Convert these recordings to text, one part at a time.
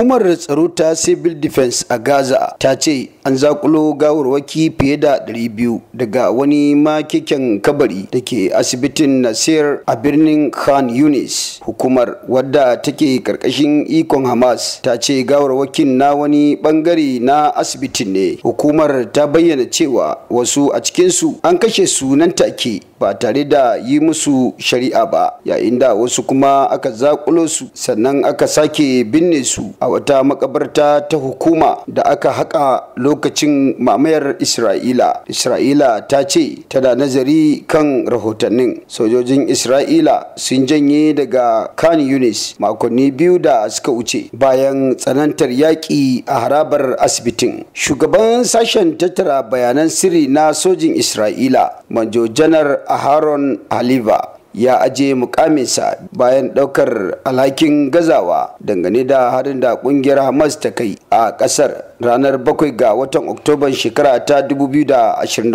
hukumar tsaro ta civil defense a gaza ta ce an zakulo gawarwaki fiye da 200 daga wani makikin kabari da ke asibitin nasir a birnin khan yunis hukumar wadda take karkashin ikon hamas ta ce gawarwakin na wani bangare na asibitin ne hukumar ta bayyana cewa wasu a cikinsu an kashe su nan take ba tare da yi musu shari'a ba yayin da wasu kuma aka zakulo su sannan aka sake binne su a wata makabarta ta hukuma da aka haƙa lokacin lokacin mamayar isra'ila isra'ila ta ce tana nazari kan rahotannin sojojin isra'ila sun janye daga khan yunis makonni biyu da suka wuce bayan tsanantar yaƙi a harabar asibitin shugaban sashen tattara bayanan sirri na sojin isra'ila manjo janar aharon haliva ya aje mukaminsa bayan daukar alhakin gazawa dangane da harin da kungiyar hamas ta kai a kasar ranar 7 ga watan oktoban shekara ta 2023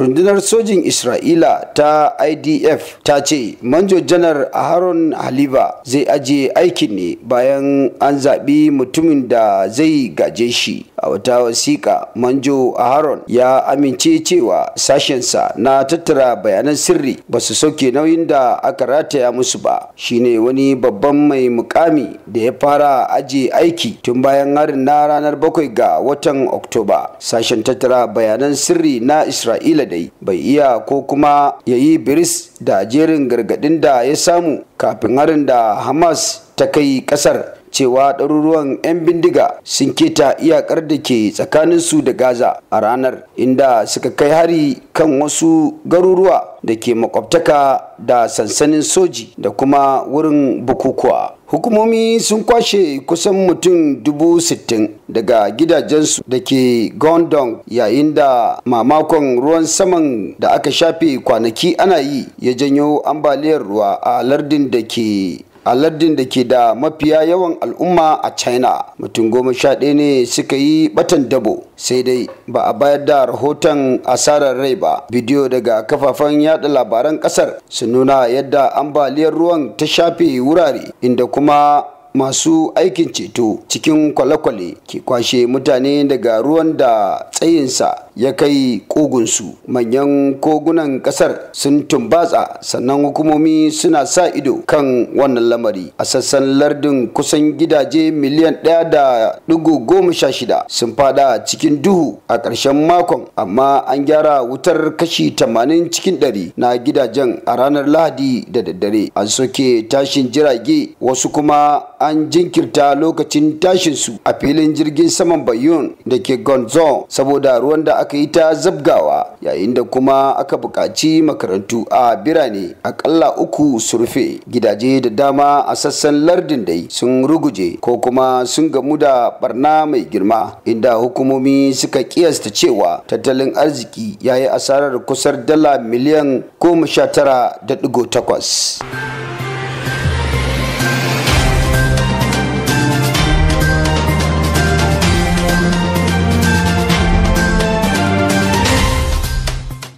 rundunar sojin isra'ila ta idf ta ce manjo janar aharon haliba zai aje aikin ne bayan an zaɓi mutumin da zai gaje shi a wata wasiƙa manjo aharon ya amince cewa sashensa na tattara bayanan sirri ba su soke nauyin da aka rataya musu ba shine wani babban mai mukami da ya fara aje aiki tun bayan harin na ranar bakwai ga watan oktoba sashen tattara bayanan sirri na isra'ila dai bai iya ko kuma ya yi biris da jerin gargadin da ya samu kafin harin da hamas ta kai kasar cewa ɗaruruwan 'yan bindiga sun keta iyakar da ke tsakaninsu da gaza a ranar inda suka kai hari kan wasu garuruwa da ke makwabtaka da sansanin soji da kuma wurin bukukuwa hukumomi sun kwashe kusan mutum dubu sittin daga gidajensu da ke gondon yayin da mamakon ruwan saman da aka shafe kwanaki ana yi ya janyo ambaliyar ruwa a lardin da ke a lardin da ke da mafiya yawan al'umma a china mutum goma sha ɗaya ne suka yi batan dabo sai dai ba a bayar da rahoton asarar rai ba bidiyo daga kafafen yada labaran kasar su nuna yadda ambaliyar ruwan ta shafe wurare inda kuma masu aikin ceto cikin kwale-kwale ke kwashe mutane daga ruwan da tsayinsa ya kai kogunsu manyan kogunan kasar sun tumbatsa sannan hukumomi suna sa ido kan wannan lamari a sassan lardin kusan gidaje miliyan ɗaya da ɗigo goma sha shida sun fada cikin duhu a ƙarshen makon amma an gyara wutar kashi tamanin cikin ɗari na gidajen a ranar lahadi da daddare an soke tashin jirage wasu kuma an jinkirta lokacin tashinsu a filin jirgin saman bayon da ke gonzo saboda ruwan da aka aka yi ta zabgawa yayin da kuma aka buƙaci makarantu a birane akalla uku su rufe gidaje da dama a sassan lardin dai sun ruguje ko kuma sun gamu da barna mai girma inda hukumomi suka kiyasta cewa tattalin arziki ya yi asarar kusar dala miliyan goma sha tara da ɗigo takwas.